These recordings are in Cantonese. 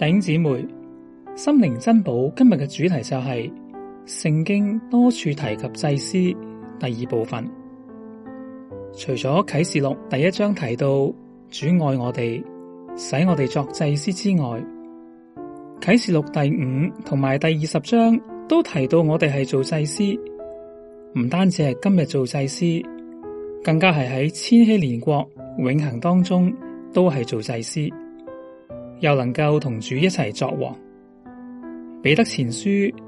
頂姊妹，心靈珍寶，今日嘅主題就係聖經多處提及祭司第二部分。除咗啟示錄第一章提到主愛我哋，使我哋作祭司之外，啟示錄第五同埋第二十章都提到我哋係做祭司，唔單止係今日做祭司，更加係喺千禧年國永恒當中都係做祭司。又能夠同主一齊作王。彼得前書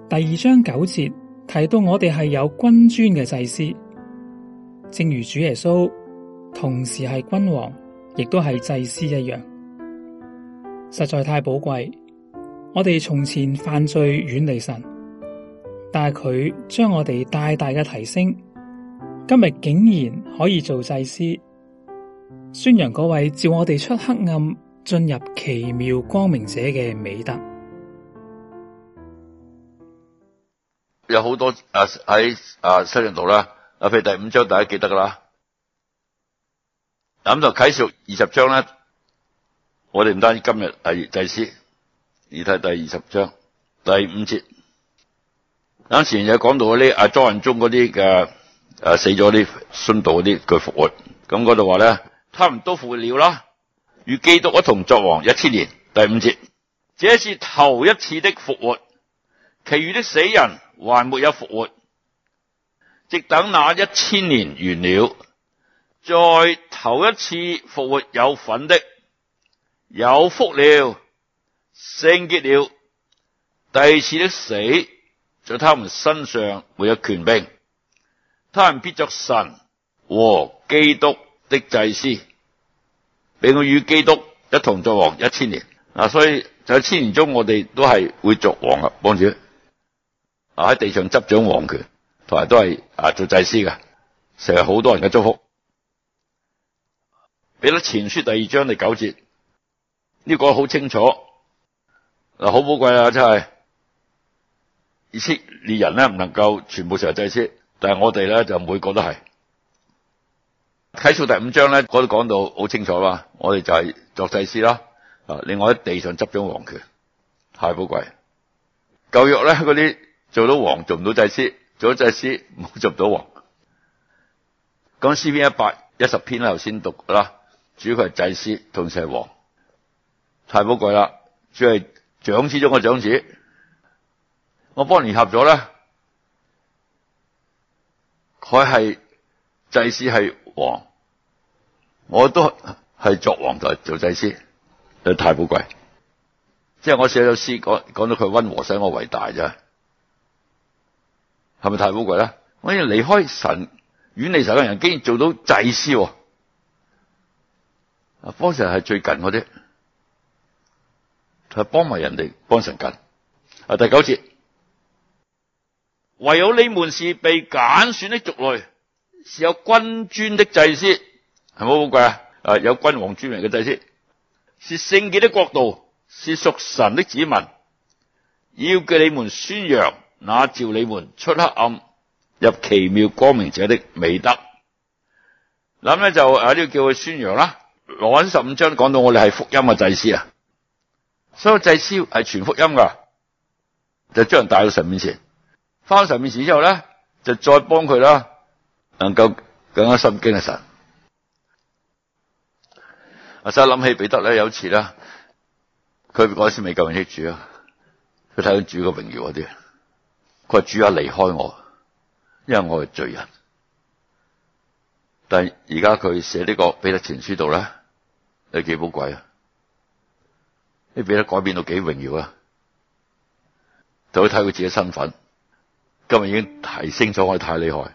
第二章九節提到，我哋係有君尊嘅祭司，正如主耶穌同時係君王，亦都係祭司一樣。實在太寶貴。我哋從前犯罪遠離神，但係佢將我哋大大嘅提升。今日竟然可以做祭司，宣揚嗰位召我哋出黑暗，進入奇妙光明者嘅美德，有好多啊喺啊新約度啦，阿譬如第五章大家記得噶啦，咁就啟示二十章咧，我哋唔單止今日第第四，而睇第二十章第五節，啱前日講到嗰啲阿約翰中嗰啲嘅誒死咗啲殉道啲佢復活，咁嗰度話咧，差唔多復活了啦。與基督一同作王一千年，第五節。這是頭一次的復活，其餘的死人還沒有復活，直等那一千年完了，在頭一次復活有份的，有福了，聖潔了。第二次的死在他們身上沒有權柄，他們必作神和基督的祭司。俾我與基督一同作王一千年，嗱、啊，所以在千年中我，我哋都係會作王噶幫主啊喺地上執掌王權，同埋都係啊做祭司噶成日好多人嘅祝福。彼前前書第二章第九節，呢講好清楚，嗱，好寶貴啊真係，意思以色列人咧唔能夠全部成日祭司，但係我哋咧就每個都係。啟示第五章咧，我都講到好清楚啦。我哋就係作祭司啦，啊，另外喺地上執掌王權，太寶貴。舊約咧，嗰啲做到王做唔到祭司，做咗祭司冇做唔到，到王。咁詩篇一百一十篇頭先讀啦，主要係祭司同時係王，太寶貴啦，最係長子中嘅長子。我幫佢聯合咗咧，佢係。祭司係王，我都係作王就做祭司，太寶貴。即係我寫咗詩講，講到佢温和使我為大啫，係咪太寶貴咧？我要離開神，遠離神嘅人，竟然做到祭司。啊方神係最近嗰啲，係幫埋人哋幫神近。啊，第九節，唯有你們是被揀選的族類。是有君尊的祭司，係冇好貴啊！啊，有君王尊名嘅祭司，是聖潔的國度，是屬神的子民，要叫你們宣揚那召你們出黑暗入奇妙光明者的美德。咁咧就啊呢、這個叫佢宣揚啦。羅馬十五章講到我哋係福音嘅祭司啊，所有祭司係全福音噶，就將人帶到神面前，翻神面前之後咧，就再幫佢啦。能夠更加心敬嘅神。阿真係諗起彼得咧，有次啦，佢嗰時未夠人啲主啊，佢睇到主嘅榮耀嗰啲，佢話主啊離開我，因為我係罪人。但係而家佢寫呢個彼得前書度咧，係幾寶貴啊！你彼得改變到幾榮耀啊！就會睇佢自己身份，今日已經提升咗我太厲害。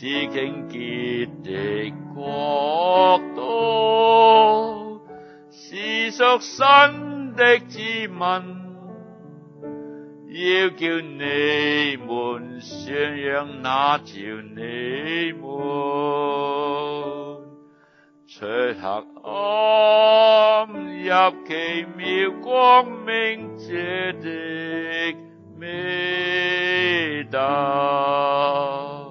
是聖潔的國度，是屬神的子民，要叫你們宣揚那召你們，出黑暗入奇妙光明者的美德。